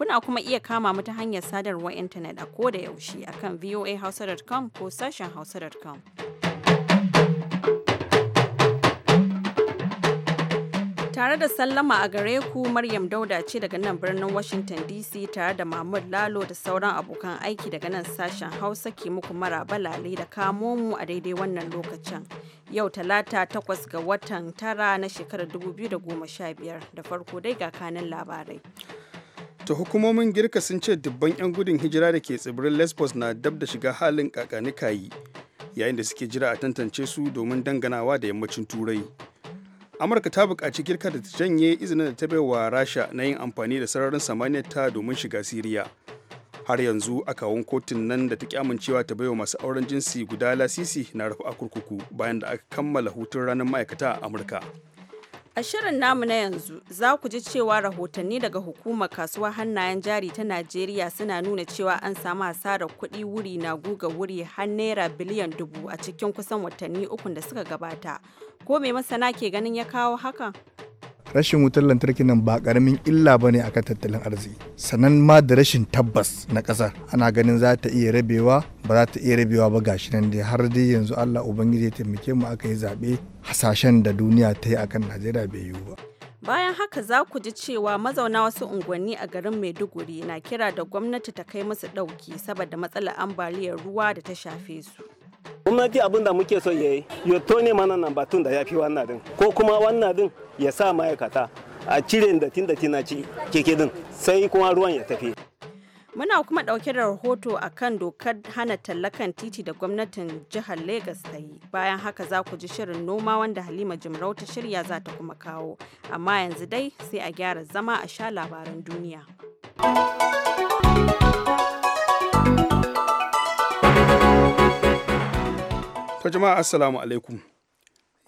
Kuna kuma iya kama mu ta hanyar sadarwar intanet a ko da yaushe akan voahausa.com ko sashen hausa.com. tare da sallama a gare ku Maryam Dauda ce daga nan birnin Washington DC tare da Mahmud Lalo da sauran abokan aiki daga nan sashen Hausa ke muku mara lale da kamo mu a daidai wannan lokacin. Yau talata takwas ga watan tara na shekarar 2015 da farko dai ga kanin labarai. to hukumomin girka sun ce dubban 'yan gudun hijira da ke tsibirin lesbos na dab da shiga halin kakanikayi yayin da suke jira a tantance su domin danganawa da yammacin turai amurka ta buƙaci girka da ta janye izinin da ta bai wa rasha na yin amfani da sararin samaniyar ta domin shiga siriya har yanzu a kawon kotun nan da ta ki amincewa ta baiwa masu auren jinsi guda lasisi na rufe a kurkuku bayan da aka kammala hutun ranar ma'aikata a amurka A shirin namu na yanzu za ku ji cewa rahotanni daga hukumar kasuwar hannayen jari ta Najeriya suna nuna cewa an samu hasarar kuɗi wuri na guga wuri har naira biliyan dubu a cikin kusan watanni ukun da suka gabata. Ko me masana ke ganin ya kawo hakan? rashin wutar lantarki nan ba karamin illa ba ne akan tattalin arziki sannan ma da rashin tabbas na ƙasar ana ganin za ta iya rabewa ba za ta iya rabewa ba shi nan dai har dai yanzu allah ubangiji ya taimake mu aka yi zaɓe hasashen da duniya ta yi akan najeriya bai yiwu ba bayan haka za ku ji cewa mazauna wasu unguwanni a garin maiduguri na kira da gwamnati ta kai musu ɗauki saboda matsalar ambaliyar ruwa da ta shafe su gwamnati abin da muke so yayi ya tone mana nan batun da ya fi wannan din ko kuma wannan din ya sa ma'aikata a cire datin da na keke din sai kuma ruwan ya tafi muna kuma dauke da rahoto akan dokar hana tallakan titi da gwamnatin jihar lagos ta yi bayan haka za ku ji shirin noma wanda halima jimrau ta shirya za ta kuma kawo amma yanzu dai sai a gyara zama a sha labaran duniya To jama'a assalamu alaikum.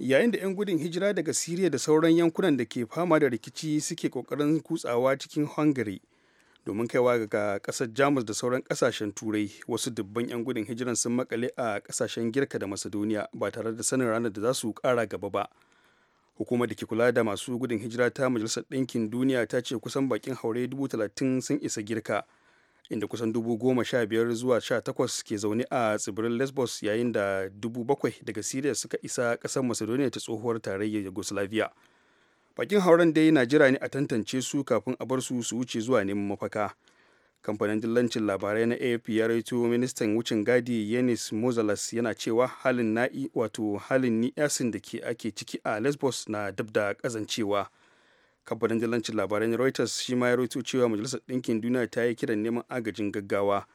Yayin da 'yan gudun hijira daga Siriya da sauran yankunan da ke fama da rikici suke kokarin kutsawa cikin Hungary domin kaiwa ga ƙasar Jamus da sauran kasashen Turai wasu dubban 'yan gudun hijiran sun makale a ƙasashen Girka da Macedonia ba tare da sanin ranar da za su kara gaba ba. hukumar da ke kula da masu gudun hijira ta majalisar ɗinkin duniya ta ce kusan bakin haure 30,000 sun isa girka inda kusan dubu goma sha biyar zuwa sha takwas ke zaune a tsibirin lesbos yayin da dubu bakwai daga siriya suka isa ƙasar macedonia ta tsohuwar tarayyar yugoslavia bakin hauren dai na jira ne a tantance su kafin a bar su su wuce zuwa neman mafaka kamfanin dillancin labarai na afp ya raito ministan wucin gadi yanis mozalas yana cewa halin na'i wato halin ni'asin da ke ake ciki a lesbos na dab da kazancewa kamfanin dalancin labarai reuters shi ma ya rawaito cewa majalisar ɗinkin duniya ta yi kiran neman agajin gaggawa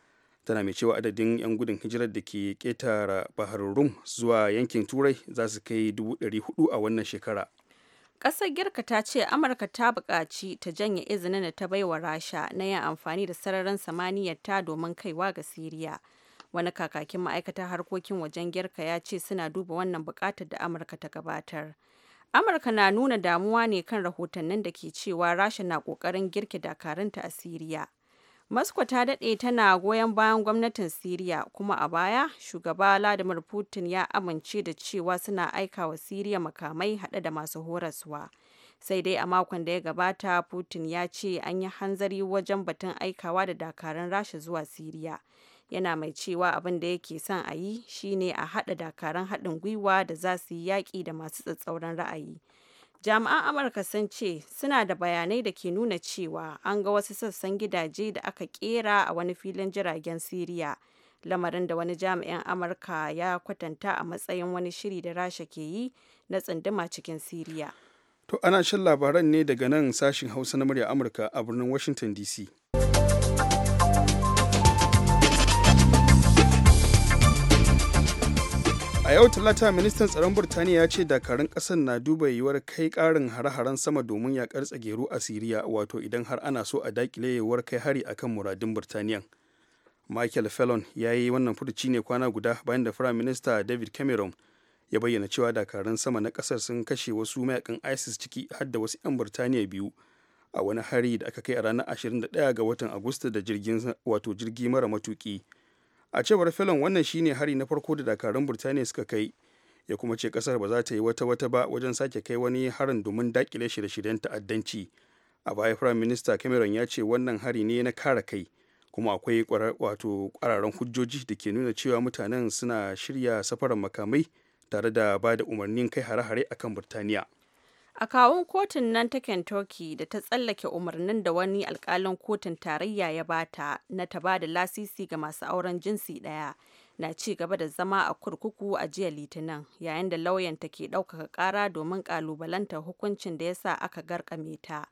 tana mai cewa adadin 'yan gudun hijirar da ke ketara bahar rum zuwa yankin turai za su kai 400 a wannan shekara ƙasar girka ta ce amurka ta buƙaci ta janye izinin da ta baiwa rasha na yin amfani da sararin samaniyar ta domin kaiwa ga siriya wani kakakin ma'aikatar harkokin wajen girka ya ce suna duba wannan buƙatar da amurka ta gabatar Amurka na nuna damuwa ne kan rahotannin da ke cewa Rasha na ƙoƙarin girke dakarunta a Siriya. Moscow ta daɗe tana goyon bayan gwamnatin Siriya kuma a baya shugaba Vladimir Putin ya amince da cewa suna aika wa Siriya makamai haɗe da masu horaswa. Sai dai a makon da ya gabata Putin ya ce an yi hanzari wajen batun aikawa da dakarun Rasha zuwa Siriya yana mai cewa abin da yake son a yi shine a haɗa dakaran haɗin gwiwa da za su yi yaƙi da masu tsatsauran ra'ayi jami'an amurka sun ce suna da bayanai da ke nuna cewa an ga wasu sassan gidaje da aka kera a wani filin jiragen siriya lamarin da wani jami'in amurka ya kwatanta a matsayin wani shiri da rasha ke yi na tsunduma cikin siriya to ana shan labaran ne daga nan sashin hausa na murya amurka a birnin washington dc a yau talata ministan tsaron burtaniya ya ce dakarun kasar na duba yiwuwar kai karin hare-haren sama domin yakar tsageru a siriya wato idan har ana so a dakile yiwuwar kai hari akan muradun burtaniya michael fallon ya yi wannan furuci ne kwana guda bayan da firayim minista david cameron ya bayyana cewa dakarun sama na kasar sun kashe wasu mayakan isis ciki har da wasu 'yan burtaniya biyu a wani hari da aka kai a ranar 21 ga watan agusta da jirgin wato jirgi mara matuki a cewar felon wannan shine hari na farko da dakarun burtaniya suka kai ya kuma ce kasar ba za ta yi wata wata ba wajen sake kai wani harin domin dakile shirye-shiryen ta'addanci a baya prime minista cameron ya ce wannan hari ne na kare kai kuma akwai wato kwararan hujjoji da ke nuna cewa mutanen suna shirya safarar makamai tare da ba da umarnin kai hare-hare akan burtaniya a kawun kotun nan ta kentucky da ta tsallake umarnin da wani alkalin kotun tarayya ya bata na ta ba da lasisi ga masu auren jinsi ɗaya na ci gaba da zama a kurkuku a jiya litinin yayin da lauyanta ke ɗaukaka ƙara domin ƙalubalantar hukuncin da ya sa aka garkame ta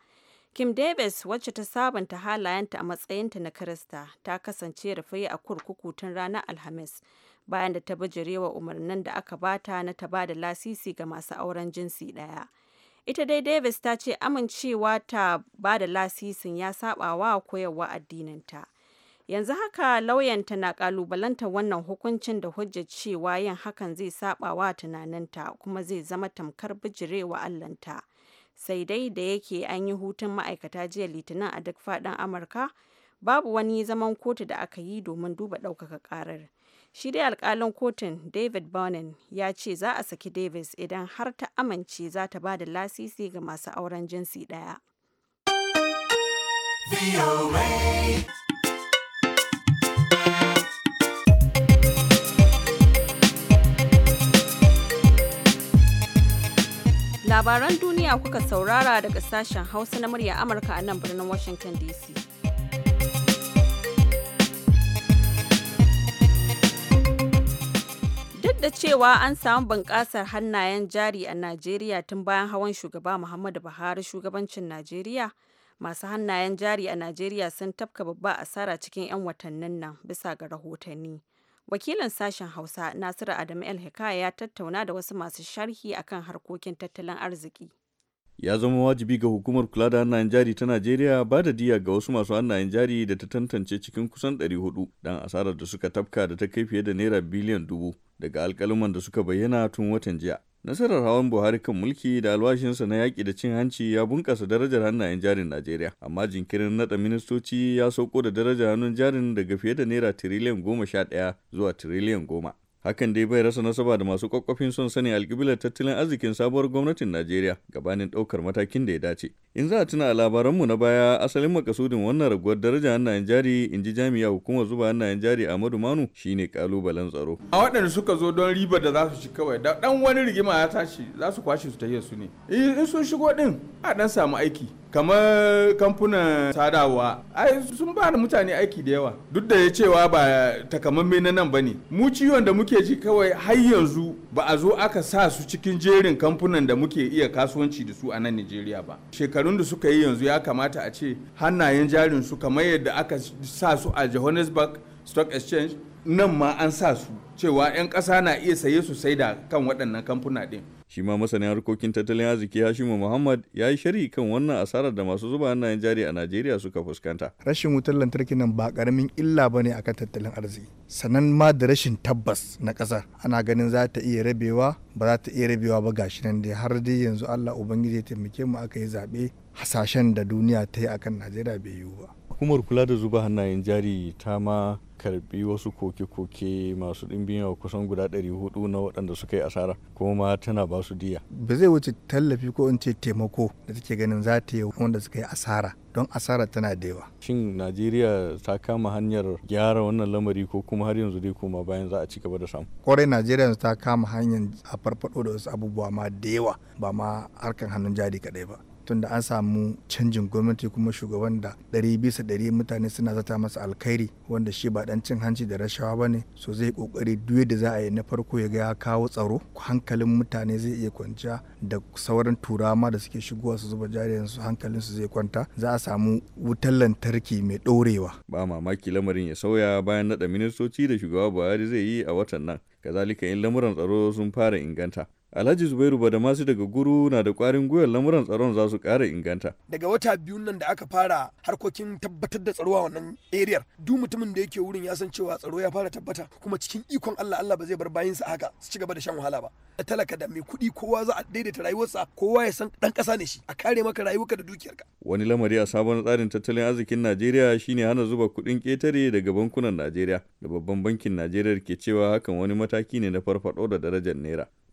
kim davis wacce ta sabunta halayenta a matsayinta na kirista ta kasance rufe a kurkuku tun ranar alhamis bayan da ta bijirewa umarnin da aka bata na ta ba da lasisi ga masu auren jinsi ɗaya. Ita dai Davis ta ce amincewa ta ba da lasisin ya saba wa koyarwa addininta. Yanzu haka lauyanta na kalubalanta wannan hukuncin da hujjar cewa yin hakan zai saba wa tunaninta kuma zai zama tamkar bijirewa Allahnta. Sai dai da yake an yi hutun ma'aikata jiya Litinin a duk faɗin Amurka, babu wani zaman kotu da aka yi domin duba ɗaukaka ƙarar. shi dai alkalin kotun david bonin ya ce za a saki davis idan har ta amince za ta ba da lasisi ga masu auren jinsi daya labaran duniya kuka saurara daga sashen hausa na murya amurka a nan birnin washington dc da cewa an samu bunƙasar hannayen jari a Najeriya tun bayan hawan shugaba Muhammadu Buhari shugabancin Najeriya, masu hannayen jari a Najeriya sun tafka babba asara cikin 'yan watannin nan bisa ga rahotanni. Wakilin sashen Hausa Nasiru Adamu El Hikaya ya tattauna da wasu masu sharhi akan harkokin tattalin arziki. ya zama wajibi ga hukumar kula da hannayen jari ta Najeriya ba da diya ga wasu masu hannayen jari da ta tantance cikin kusan 400 dan asarar da suka tafka da ta kai fiye da naira biliyan dubu daga alkaluman da suka bayyana tun watan jiya. Nasarar hawan Buhari kan mulki da alwashinsa na yaƙi da cin hanci ya bunƙasa darajar hannayen jarin Najeriya, amma jinkirin naɗa ministoci ya sauko da darajar hannun jarin daga fiye da naira tiriliyan goma sha ɗaya zuwa tiriliyan goma. hakan dai bai rasa nasaba da masu kwakwafin son sani alkiblar tattalin arzikin sabuwar gwamnatin najeriya gabanin ɗaukar matakin da ya dace in za a tuna a labaranmu na baya asalin makasudin wannan raguwar daraja hannayen jari in ji jami'a hukumar zuba hannayen jari ahmadu manu shine kalubalen tsaro a waɗanda suka zo don ribar da za su ci kawai da ɗan wani rigima ya tashi za su kwashe su tafiya su ne in sun shigo ɗin a dan samu aiki kamar kamfunan sadawa ai sun ba da mutane aiki da yawa duk da ya cewa ba takamamme na nan bane mu ciwon da muke ji kawai har yanzu ba a zo aka sa su cikin jerin kamfunan da muke iya kasuwanci da su a nan Najeriya ba shekarun da suka yi yanzu ya kamata a ce hannayen jarin su kamar yadda aka sa su a Johannesburg Stock Exchange nan ma an sa su cewa 'yan ƙasa na iya saye su sai da kan waɗannan kamfuna ɗin shi ma masanin harkokin tattalin arziki Hashimu Muhammad ya yi sharhi kan wannan asarar da masu zuba hannayen jari a Najeriya suka fuskanta. Rashin wutar lantarki nan ba karamin illa ba ne akan tattalin arziki. Sannan ma da rashin tabbas na ƙasar ana ganin za ta iya rabewa ba za ta iya rabewa ba gashi nan dai har dai yanzu Allah Ubangiji ya taimake mu aka yi zaɓe hasashen da duniya ta yi akan Najeriya bai yiwu ba. hukumar kula da zuba hannayen jari ta ma karbi wasu koke-koke masu ɗimbin yawa kusan guda 400 na waɗanda suka yi asara kuma ma tana ba su diya ba zai wuce tallafi ko in ce taimako da take ganin za ta yi wanda suka yi asara don asara tana da yawa shin najeriya ta kama hanyar gyara wannan lamari ko kuma har yanzu dai kuma bayan za a ci gaba da samu kwarai najeriya ta kama hanyar a farfado da wasu abubuwa ma da yawa ba ma harkar hannun jari kaɗai ba da an samu canjin gwamnati kuma shugaban da ɗari bisa mutane suna zata masa alkhairi wanda shi ba dan cin hanci da rashawa ba ne so zai kokari duk da za a yi na farko ya ga ya kawo tsaro hankalin mutane zai iya kwanciya da sauran turama da suke shigowa su zuba jariyan su hankalin su zai kwanta za a samu wutar lantarki mai ɗorewa. ba mamaki lamarin ya sauya bayan naɗa ministoci da shugaba buhari zai yi a watan nan kazalika in lamuran tsaro sun fara inganta Alhaji Zubairu Badamasi daga Guru na da ƙwarin gwiwar lamuran tsaron za su ƙara inganta. Daga wata biyu nan da aka fara harkokin tabbatar da tsaro a wannan eriyar duk mutumin da yake wurin ya san cewa tsaro ya fara tabbata kuma cikin ikon Allah Allah ba zai bar bayinsa haka su ci gaba da shan wahala ba. Da talaka da mai kuɗi kowa za a daidaita rayuwarsa kowa ya san ɗan ƙasa ne shi a kare maka rayuwarka da dukiyarka. Wani lamari a sabon tsarin tattalin arzikin Najeriya shine hana zuba kuɗin ketare daga bankunan Najeriya da babban bankin Najeriya ke cewa hakan wani mataki ne na farfaɗo da darajar naira.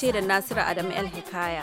gaishe da Nasiru Adamu El Hikaya.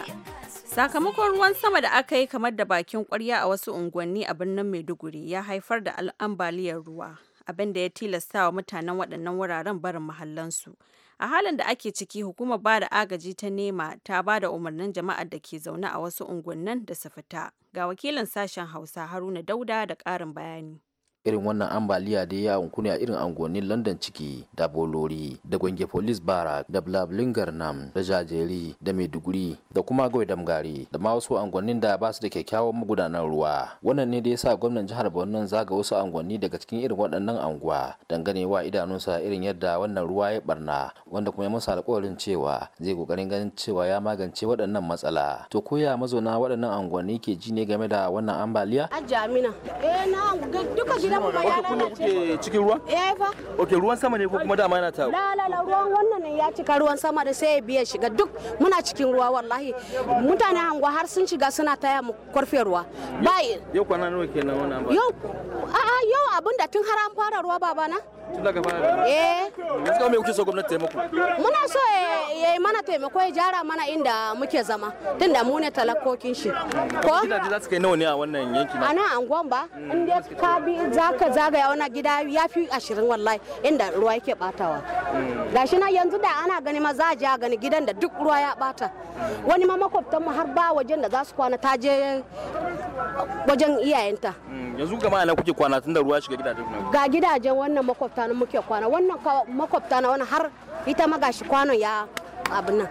Sakamakon ruwan sama da aka yi kamar da bakin kwarya a wasu unguwanni a birnin Maiduguri ya haifar da ambaliyar ruwa, abin da ya tilasta wa mutanen waɗannan wuraren barin mahallansu. A halin da ake ciki, hukumar ba da agaji ta nema ta ba da umarnin jama'ar da ke zaune a wasu unguwannin da su fita. Ga wakilin sashen Hausa Haruna Dauda da ƙarin bayani. irin wannan ambaliya da ya ne a irin angonin london ciki da bolori da gwange police barak da blablingar nam da jajeri da maiduguri da kuma gawai damgari da ma wasu angonin da ba su da kyakkyawan magudanar ruwa wannan ne da ya sa gwamnan jihar borno zaga wasu angonni daga cikin irin waɗannan anguwa dangane wa idanunsa irin yadda wannan ruwa ya barna wanda kuma ya masa alƙawarin cewa zai kokarin ganin cewa ya magance waɗannan matsala to koya mazauna waɗannan angonni ke ji ne game da wannan ambaliya gidan mu ma ya kuke cikin ruwa eh fa okay ruwan sama ne ko kuma dama yana ta la la ruwan wannan ne ya cika ruwan sama da sai ya biya shiga duk muna cikin ruwa wallahi mutane hangwa har sun shiga suna taya mu kwarfe ruwa ba yau kwana nawa kenan wannan ba yau a yau abinda tun har an fara ruwa babana tun eh me kuke so gwamnati muna so ya yi mana taimako ya jara mana inda muke zama tun da mu ne talakokin shi ko gidaje za su kai nawa ne a wannan yanki na ana anguwan ba in dai ka bi zaka zagaya wani gida ya fi ashirin wallahi inda ruwa yake batawa hmm. gashi na yanzu da ana gani ma za a gani gidan da duk ruwa ya bata wani ma makwabtanmu har ba wajen da za su kwana ta je wajen iyayenta hmm, yanzu gama anan kuke kwana tun da ruwa shiga gidajen ga gidajen wannan makwabta na muke kwana wannan makwabta na wani har ita magashi kwanon ya abin nan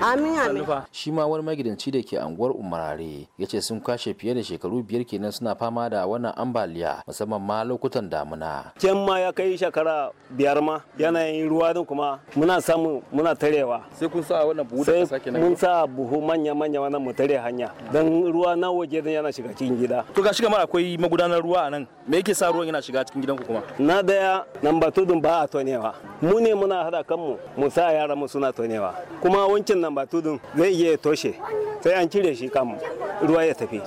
amin amin shi ma wani magidanci da ke anguwar umarare ya ce sun kashe fiye da shekaru biyar kenan suna fama da wannan ambaliya musamman ma lokutan damuna can ma ya kai shekara biyar ma yanayin ruwa din kuma muna samu muna tarewa sai kun sa wannan buhu da sake mun sa buhu manya manya wannan mu tare hanya dan ruwa na waje din yana shiga cikin gida to shiga ma akwai magudanar ruwa a nan me yake sa ruwan yana shiga cikin gidanku kuma na daya nan ba tudun ba a tonewa mu ne muna hada kanmu mu sa yaran mu suna tonewa kuma wancan nan ba tudun zai iya toshe sai an cire shi kam ruwa ya tafi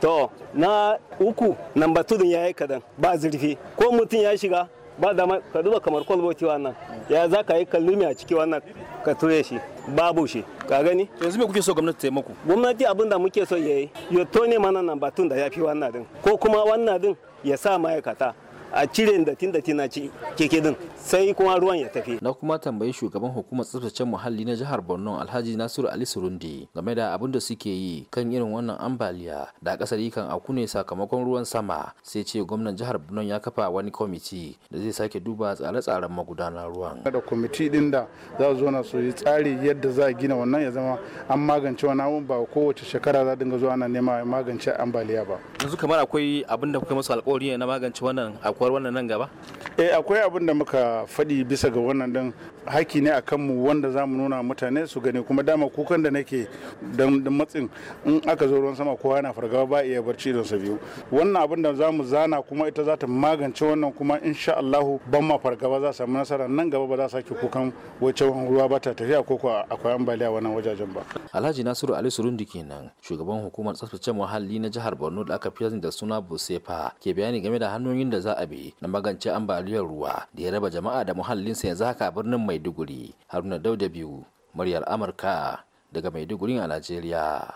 to na uku nan ba tudun ya yi kadan ba zurfi ko mutum ya shiga ba da ka duba kamar kwalboti wannan ya za ka yi kallumi a ciki wannan ka ture shi babu shi ka gani yanzu me kuke so gwamnati ta yi muku gwamnati abin da muke so ya yi ya tone mana nan batun da ya fi wannan din ko kuma wannan din ya sa ma'aikata a cire datin datin na keke din sai kuma ruwan ya tafi na kuma tambayi shugaban hukumar tsaftace muhalli na jihar Borno Alhaji Nasiru Ali Surundi game da abin da suke yi kan irin wannan ambaliya da kasar kan aku ne sakamakon ruwan sama sai ce gwamnan jihar Borno ya kafa wani kwamiti da zai sake duba tsare-tsaren magudanar ruwan da kwamiti din da za zo na su yi tsari yadda za a gina wannan ya zama an magance wani abun ba kowace shekara za dinga zuwa ana nema magance ambaliya ba yanzu kamar akwai abin da kuka masa alƙawari na magance wannan aukuwar wannan nan gaba eh akwai abin da muka faɗi bisa ga wannan din haki ne akan mu wanda za mu nuna mutane su gani kuma dama kukan da nake don matsin in aka zo ruwan sama kowa yana fargaba ba iya barci don sa biyu wannan abin da za mu zana kuma ita za ta magance wannan kuma insha Allah ban ma fargaba za samu nasara nan gaba ba za sake kukan wacce ruwa ba ta tafiya ko akwai ambaliya wannan wajajen ba Alhaji Nasiru Ali Surundi kenan shugaban hukumar tsaftace muhalli na jihar Borno da aka fi da suna busefa ke bayani game da hanyoyin da za a na magance ambaliyar ruwa da ya raba jama'a da muhallinsa yanzu haka birnin maiduguri haruna dauda biyu muryar amurka daga maiduguri a najeriya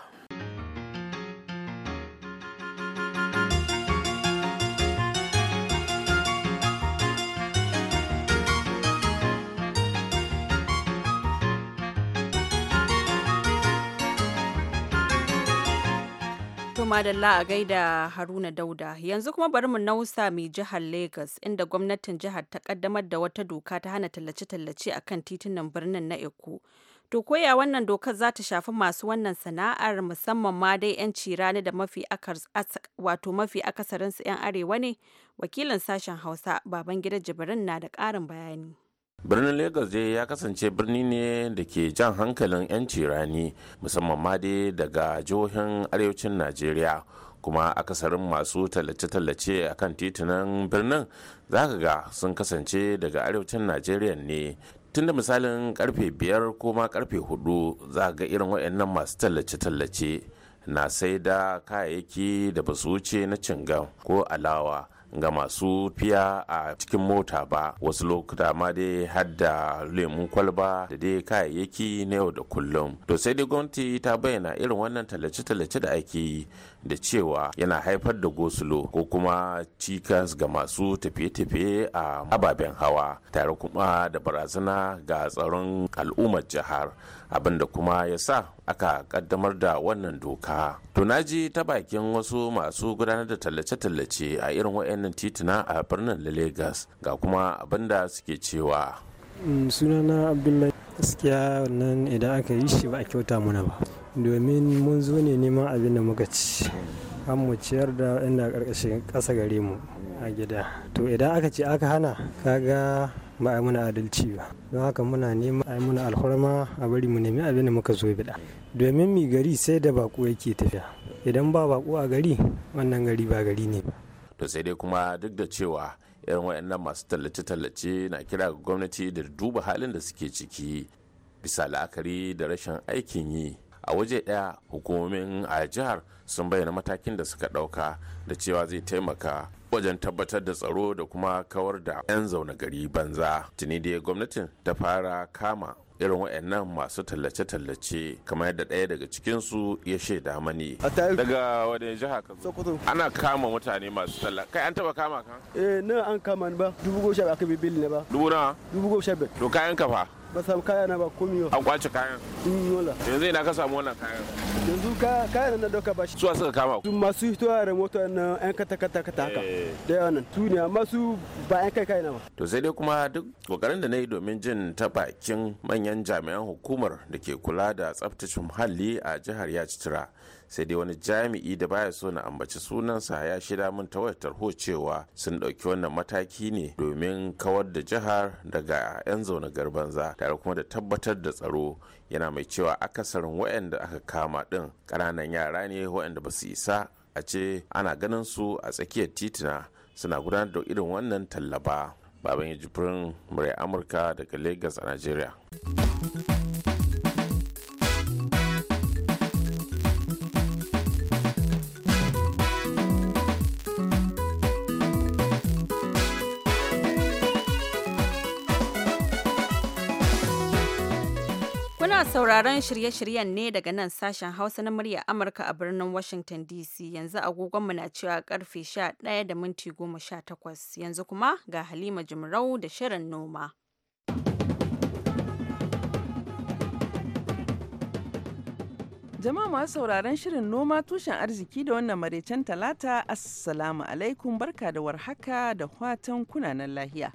madalla a gaida Haruna Dauda. Yanzu kuma bari mu nausa mai jihar Lagos inda gwamnatin jihar ta kaddamar da wata doka ta hana tallace-tallace a kan titunan birnin na Eko. To koya wannan dokar za ta shafi masu wannan sana'ar musamman ma dai 'yan cirani da mafi wato mafi akasarinsu 'yan arewa ne wakilin sashen Hausa baban gidan Jibrin na da ƙarin bayani. birnin lagos dai ya kasance birni ne da ke jan hankalin 'yanci rani musamman ma dai daga jihohin arewacin najeriya kuma akasarin masu tallace-tallace a kan titunan birnin zaka ga sun kasance daga arewacin najeriya ne tun da misalin karfe biyar ko ma karfe hudu za ga irin waɗannan masu tallace-tallace na sai da kayayyaki da basu wuce na cingam ko alawa ga masu fiya a cikin mota ba wasu lokuta ma dai hadda lemun kwalba da dai kayayyaki na yau da kullum to sai dai gwamnati ta bayyana irin wannan tallace-tallace da ake yi da cewa yana haifar da gosulo ko kuma cikas ga masu tafiye-tafiye a ababen hawa tare kuma da barazana ga tsaron al'ummar jihar abinda kuma ya sa aka kaddamar da wannan doka tunaji ta bakin wasu masu gudanar da tallace-tallace a irin wayannan tituna a birnin lagos ga kuma abinda suke cewa mm, sunana abdullahi Gaskiya wannan idan aka yi shi ba a kyauta muna ba. Domin mun zo ne neman abin da muka ci. An mu ciyar da a ƙarƙashin ƙasa gare mu a gida. To idan aka ce aka hana kaga ga ba a muna adalci ba don haka muna nema a muna alhurma a bari mu nemi abin da muka zo bida domin mi gari sai da baƙo yake tafiya idan ba baƙo a gari wannan gari ba gari ne ba to sai dai kuma duk da cewa irin waɗannan masu tallace-tallace na kira ga gwamnati da duba halin da suke ciki bisa la'akari da rashin aikin yi a waje ɗaya hukumomin a jihar sun bayyana matakin da suka ɗauka da cewa zai taimaka wajen tabbatar da tsaro da kuma kawar da 'yan zaune gari banza tuni da gwamnatin ta fara kama irin wayannan masu tallace-tallace kamar yadda ɗaya daga cikinsu ya shaida mani daga wani jiha ka sokoto ana kama mutane masu talla kai an taba kama ka eh nan an kama ni ba dubu goma sha biyar aka bi bil ne ba dubu na dubu goma sha biyar to kayan kafa. ba samu kaya na ba komi an kwace kayan mm, yola yanzu ina ka samu wannan kayan yanzu kayan na doka ba shi suwa suka kama ku masu hitowa da mota na yan kata kata kata haka eh. da yawa nan su ne amma su ba yan kai kai na ba to sai dai kuma duk kokarin da na yi domin jin ta bakin manyan jami'an hukumar da ke kula da tsaftace muhalli a jihar ya ci tura sai dai wani jami'i da baya so na ambaci sunansa ya shida min ta wayar tarho cewa sun ɗauki wannan mataki ne domin kawar da jihar daga 'yan zaune garbanza tare kuma da tabbatar da tsaro yana mai cewa akasarin wayanda aka kama ɗin kananan yara ne wayanda ba su isa a ce ana ganin su a tsakiyar titina suna gudanar da irin wannan tallaba baban ya jibirin murai amurka daga lagos a nigeria sauraron shirye-shiryen ne daga nan sashen Hausa na murya Amurka a birnin Washington DC yanzu agogonmu na cewa karfe 11 da minti 18 yanzu kuma ga Halima Jimrau da shirin noma. Jama'a masu sauraron shirin noma tushen arziki da wannan maraicen talata Assalamu alaikum barka da warhaka da watan kunanan lahiya.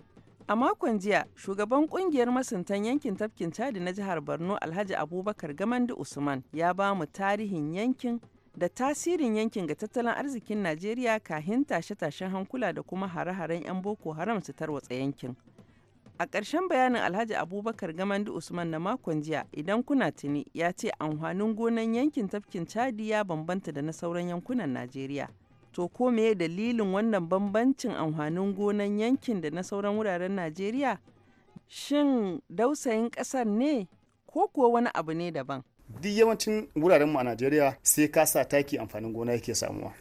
A makon jiya, shugaban kungiyar masuntan yankin tafkin Chadi na jihar Borno Alhaji Abubakar gamandu Usman ya ba mu tarihin yankin da tasirin yankin ga tattalin arzikin Najeriya kahin tashe-tashen hankula da kuma hare-haren 'yan Boko Haram su tarwatsa yankin. A ƙarshen bayanin Alhaji Abubakar gamandu Usman na makon jiya idan kuna tuni ya ce amfanin gonan yankin tafkin Chadi ya bambanta da na sauran yankunan Najeriya. To ko meye dalilin wannan bambancin amfanin gonan yankin da na sauran wuraren Najeriya? Shin dausayin ƙasar ne ko kuwa wani abu ne daban? Duk yawancin wuraren mu a Najeriya sai kasa taki amfanin gona yake samuwa.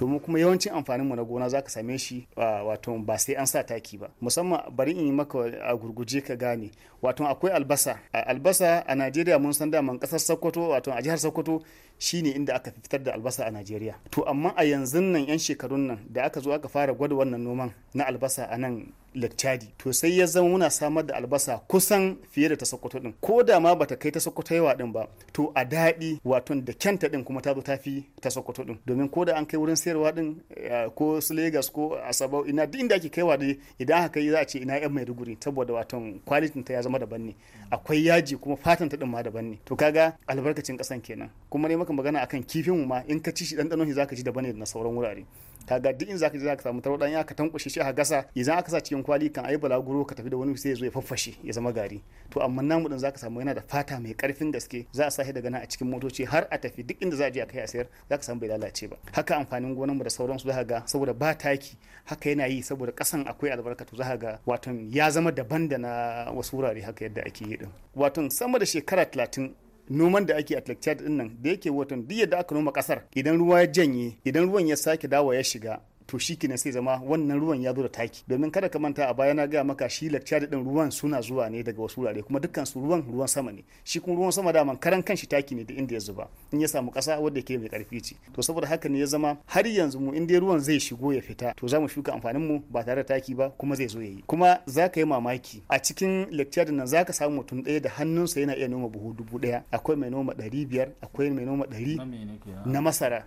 to mu kuma yawancin amfanin mu na gona zaka same shi wato ba sai an sa taki ba musamman bari in yi maka a gurguje ka gane wato akwai albasa albasa a Najeriya mun san daman kasar Sokoto wato a jihar Sokoto shine inda aka fitar da albasa a Najeriya to amma a yanzu nan yan shekarun nan da aka zo aka fara gwada wannan noman na albasa a nan lake to sai ya zama muna samar da albasa kusan fiye da ta sokoto din ko da ma bata kai ta sokoto yawa din ba to a daɗi wato da kyanta din kuma ta zo ta fi ta sokoto din domin ko da an kai wurin sayarwa din eh, ko su lagos ko asabau ina duk inda ake kaiwa dai idan aka kai za a ce ina yan maiduguri saboda wato kwalitin ta ya zama daban ne akwai yaji kuma fatan ta din ma daban ne to kaga albarkacin kasan kenan kuma ne maka magana akan kifin mu ma in ka ci shi ɗanɗanon shi zaka ji daban ne da na sauran wurare kaga duk in zaka je zaka samu tarwadan ya aka tankushe shi a gasa idan aka sa cikin kwali kan ayi balaguro ka tafi da wani sai ya zo ya faffashe ya zama gari to amma namu din zaka samu yana da fata mai karfin gaske za a sahi daga nan a cikin motoci har a tafi duk inda za a je a kai a sayar zaka samu bai lalace ba haka amfanin gonan mu da sauransu zaka ga saboda ba taki haka yana yi saboda kasan akwai albarka to zaka ga Wato ya zama daban da na wasu wurare haka yadda ake yi din Watan sama da shekara 30 noman da ake a Lake din nan da yake watan duk yadda aka noma kasar idan ruwa ya janye idan ruwan ya sake dawo ya shiga to shi kenan sai zama wannan ruwan ya zo da taki domin kada ka manta a baya na gaya maka shi da din ruwan suna zuwa ne daga wasu wurare kuma dukkan su ruwan ruwan sama ne shi kuma ruwan sama da daman karan kanshi taki ne da inda ya zuba in ya samu kasa wanda ke mai karfi ce to saboda haka ne ya zama har yanzu mu in dai ruwan zai shigo ya fita to za mu shuka amfanin mu ba tare da taki ba kuma zai zo yayi kuma za ka yi mamaki a cikin da nan za ka samu mutum ɗaya da hannunsa yana iya noma buhu dubu ɗaya akwai mai noma ɗari biyar akwai mai noma ɗari na masara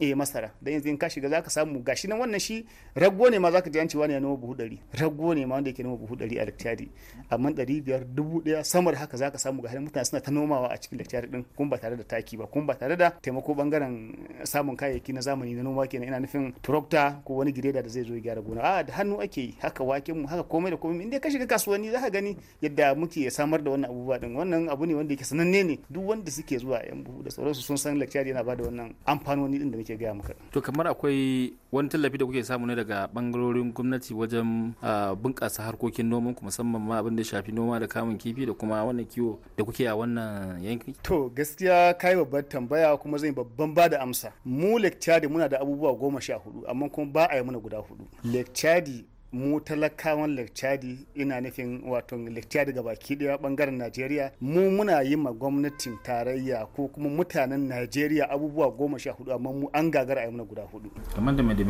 eh masara da yanzu in ka shiga zaka samu gashi nan wannan shi rago ne ma zaka ji an ce wani ya noma buhu ɗari rago ne ma wanda yake noma buhu ɗari a lactari amma ɗari biyar dubu ɗaya samar haka zaka samu ga mutane suna ta nomawa a cikin lactari din kun ba tare da taki ba kun ba tare da taimako bangaren samun kayayyaki na zamani na noma kenan ina nufin tractor ko wani gireda da zai zo gyara gona a da hannu ake yi haka waken mu haka komai da komai inda ka shiga kasuwanni zaka gani yadda muke samar da wannan abubuwa din wannan abu ne wanda yake sananne ne duk wanda suke zuwa yan buhu da sauransu sun san lactari yana bada wannan amfanoni irin da nake gaya maka to kamar akwai wani tallafi da kuke samu ne daga bangarorin gwamnati wajen bunƙasa harkokin noman ku musamman ma abin da shafi noma da kamun kifi da kuma wannan kiwo da kuke a wannan yanki to gaskiya kai babbar tambaya kuma zan babban ba da amsa mu lecture muna da abubuwa goma sha hudu amma kuma ba a yi muna guda hudu lecture mu talakawan lakcadi ina nufin wato lakcadi ga baki daya bangaren najeriya mu muna yi ma gwamnatin tarayya ko kuma mutanen najeriya abubuwa goma sha hudu amma mu an gagara a yi mana guda hudu kamar da da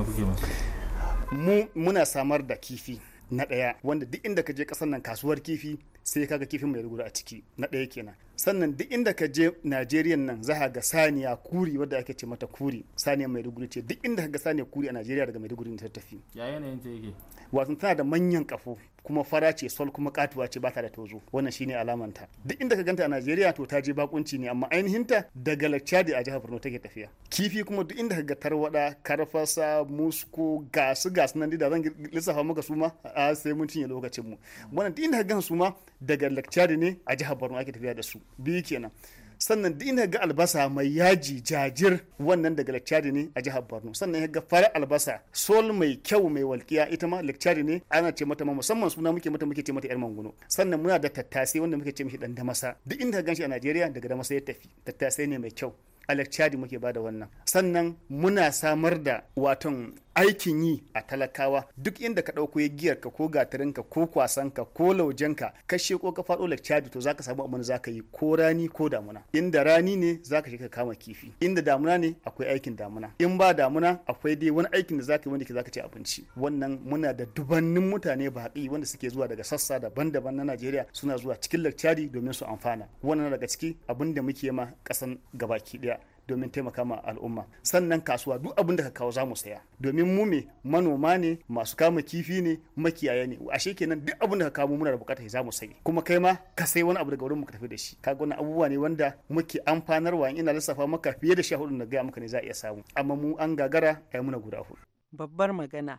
mu muna samar da kifi na daya wanda duk inda ka je kasar nan kasuwar kifi sai kaga kifin mai rigura a ciki na daya kenan sannan duk inda ka je najeriya nan za ga saniya kuri wadda ake ce mata kuri saniya maiduguri ce duk inda ka ga saniya kuri a najeriya daga maiduguri ta tafi ya yanayin ta yake wasan tana da manyan kafo kuma fara ce sol kuma katuwa ce bata da tozo wannan shine alamanta duk inda ka ganta a najeriya to ta je bakunci ne amma ta daga lachadi a jihar borno take tafiya kifi kuma duk inda ka ga tarwada karfasa musko gasu gasu nan da zan lissafa maka su ma a sai mun cinye lokacin mu wannan duk inda ka gan su ma daga lachadi ne a jihar borno ake tafiya da su biyu kenan sannan duk ina ga albasa mai yaji jajir wannan daga lakcari ne a jihar borno sannan ya ga farar albasa sol mai kyau mai walkiya ita ma lakcari ne ana ce mata musamman suna muke mata muke ce mata yar manguno sannan muna da tattasai wanda muke ce mishi dan damasa duk inda ganshi a najeriya daga damasa ya tafi tattasai ne mai kyau a lakcari muke bada wannan sannan muna samar da waton aikin yi a talakawa duk inda ka ɗauko giyarka ko gatarin ka ko kwasanka ko laujen ka sheko ka faɗo lakcaji to zaka samu abin zaka yi ko rani ko damuna inda rani ne zaka shiga kama kifi inda damuna ne akwai aikin damuna in ba damuna akwai dai wani aikin da zaka yi wanda zaka ci abinci wannan muna da dubannin mutane baƙi wanda suke zuwa daga sassa daban-daban na Najeriya suna zuwa cikin lakcaji domin su amfana wannan daga ciki abin da muke ma ƙasan gabaki daya. domin taimaka ma al'umma sannan kasuwa duk abin da ka kawo zamu saya domin mu me manoma ne masu kama kifi ne makiyaya ne ashe kenan duk abin da ka kawo muna da bukata zamu sayi kuma kai ma ka sai wani abu daga wurin mu ka tafi da shi kaga wannan abubuwa ne wanda muke amfanarwa ina lissafa maka fiye da sha hudu da gaya maka ne za a iya samu amma mu an gagara ai muna guda hudu babbar magana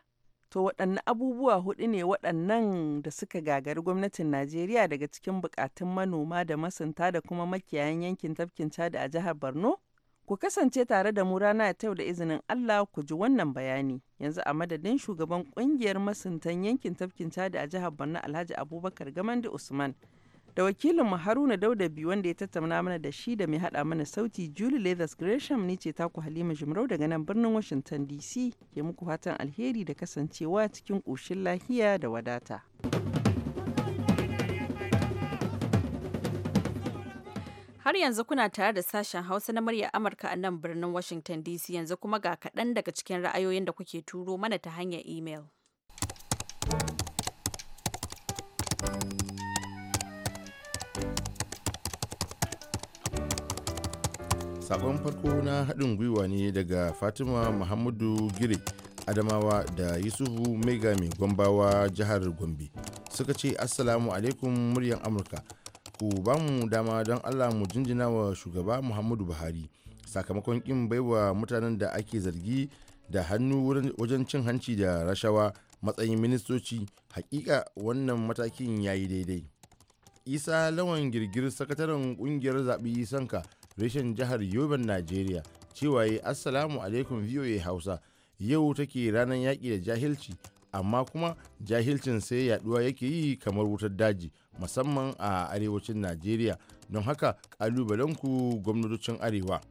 To waɗanne abubuwa huɗu ne waɗannan da suka gagari gwamnatin Najeriya daga cikin bukatun manoma da masunta da kuma makiyayan yankin tafkin Chad a jihar Borno? Ku kasance tare da mu rana ta yau da izinin Allah ku ji wannan bayani. Yanzu a madadin shugaban kungiyar masuntan yankin tafkin Chadi a jihar Borno Alhaji Abubakar Gamandi Usman. Da wakilin mu Haruna Dauda biyu wanda ya tattauna mana da shi da mai hada mana sauti Julie Leathers Gresham ni ce taku Halima Jumrau daga nan birnin Washington DC. Ke muku fatan alheri da kasancewa cikin koshin lahiya da wadata. Har yanzu kuna tare da sashen Hausa na murya Amurka a nan birnin Washington DC yanzu kuma ga kaɗan daga cikin ra'ayoyin da kuke turo mana ta hanyar email. Sakon farko na haɗin gwiwa ne daga Fatima Muhammadu Gire Adamawa da Yusufu Mega mai Gombawa jihar Gombe. Suka ce Assalamu alaikum muryan Amurka. ku ba mu dama don allah mu jinjina wa shugaba muhammadu buhari sakamakon kin baiwa mutanen da ake zargi da hannu wajen cin hanci da rashawa matsayin ministoci hakika wannan matakin ya yi daidai isa lawan girgir sakataren kungiyar zaɓi sanka reshen jihar yoben najeriya cewa yi assalamu alaikum voa hausa yau take ranar yaƙi da jahilci amma kuma jahilcin sai yaɗuwa yake yi kamar wutar daji musamman a arewacin najeriya don haka ƙalubalenku gwamnatocin arewa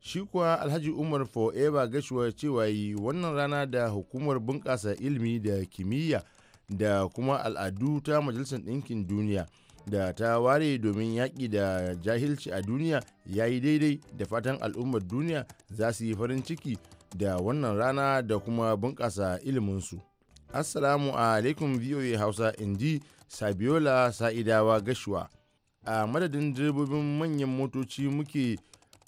shi kuwa alhaji umar forever gashuwa cewa yi wannan rana da hukumar bunƙasa ilimi da kimiyya da kuma al'adu ta majalisar ɗinkin duniya da ta ware domin yaƙi da jahilci a duniya ya yi daidai da fatan al'ummar duniya za su yi farin ciki da wannan rana da kuma bunƙasa iliminsu assalamu alaikum voa hausa indi. sabiola sa'idawa gashuwa a madadin direbobin manyan motoci muke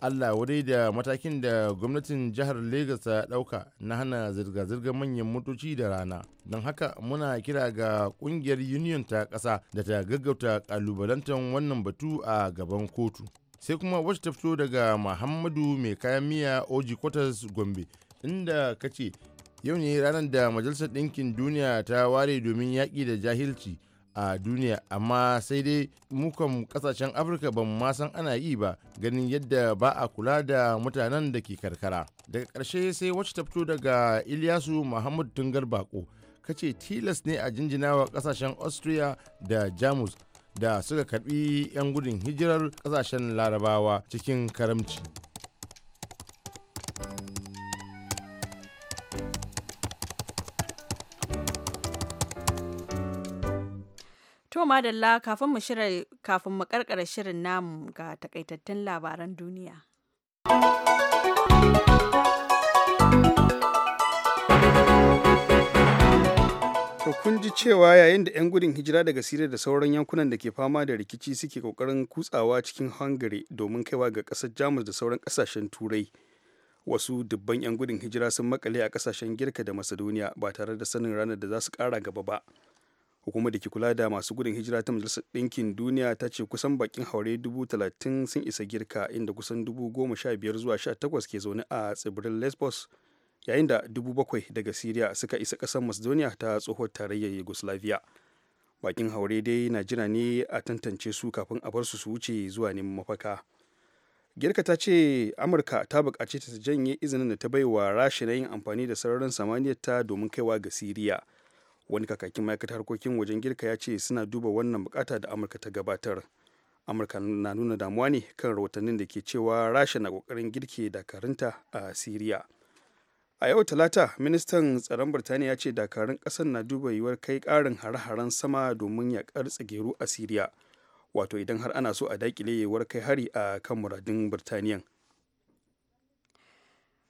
allah wadai da matakin da gwamnatin jihar Legas ta dauka na hana zirga-zirgar manyan motoci da rana don haka muna kira ga kungiyar union ta kasa da ta gaggauta kalubalantar wannan batu a gaban kotu sai kuma wacce ta fito daga muhammadu mai kayan miya oji quarters gombe inda kace ce yau ne ranar da majalisar ɗinkin duniya ta ware domin yaƙi da jahilci a duniya amma sai dai mukan kasashen afirka ba ma san ana yi ba ganin yadda ba a kula da mutanen da ke karkara daga ƙarshe sai wacce ta fito daga iliyasu muhammad tungar bako kace tilas ne a jinjina wa kasashen austria da jamus da suka karbi 'yan gudun hijirar kasashen larabawa cikin karamci. To madalla kafin mu shirya kafin mu karkara shirin namu ga takaitattun labaran duniya. To kun ji cewa yayin da 'yan gudun hijira daga Siriya da sauran yankunan da ke fama da rikici suke kokarin kutsawa cikin Hungary domin kaiwa ga ƙasar Jamus da sauran kasashen Turai. Wasu dubban 'yan gudun hijira sun makale a ƙasashen Girka da Macedonia ba tare da sanin ranar da za su ƙara gaba ba. hukumar da ke kula da masu gudun hijira ta majalisar ɗinkin duniya ta ce kusan bakin haure dubu talatin sun isa girka inda kusan dubu goma sha biyar zuwa sha takwas ke zaune a tsibirin lesbos yayin da dubu bakwai daga syria suka isa ƙasar macedonia ta tsohuwar tarayyar yugoslavia bakin haure dai na jira ne a tantance su kafin a bar su su wuce zuwa neman mafaka girka ta ce amurka ta bukaci ta janye izinin da ta baiwa rasha na yin amfani da sararin samaniyar ta domin kaiwa ga siriya wani kakakin ma'aikatar harkokin wajen girka ya ce suna duba wannan bukata da amurka ta gabatar amurka na nuna damuwa ne kan rahotannin da ke cewa rasha na kokarin girke dakarunta a siriya a yau talata ministan tsaron birtaniya ya ce dakarun kasar na duba yiwuwar kai karin hare-haren sama domin yakar tsigeru a siriya wato idan har ana so a dakile yiwuwar kai hari a kan muradin birtaniya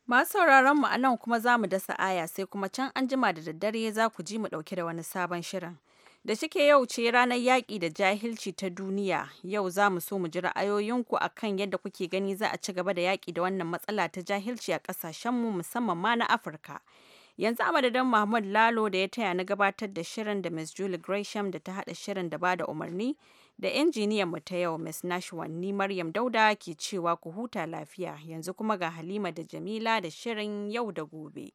Masu sauraron mu a nan kuma za mu dasa aya sai kuma can anjima da daddare za ku ji mu ɗauke da wani sabon shirin. Da shike yau ce ranar yaƙi da jahilci ta duniya, yau za mu so mu ji ra'ayoyinku a kan yadda kuke gani za a ci gaba da yaƙi da wannan matsala ta jahilci a ƙasashenmu musamman ma na Afirka. Yanzu a madadin Muhammad Lalo da ya taya na gabatar da shirin da Ms. Julie Gresham da ta haɗa shirin da ba da umarni, Da injiniyan mu ta yau Ms. Nashwan ni Maryam Dauda ke cewa ku huta lafiya yanzu kuma ga Halima da Jamila da shirin yau da gobe.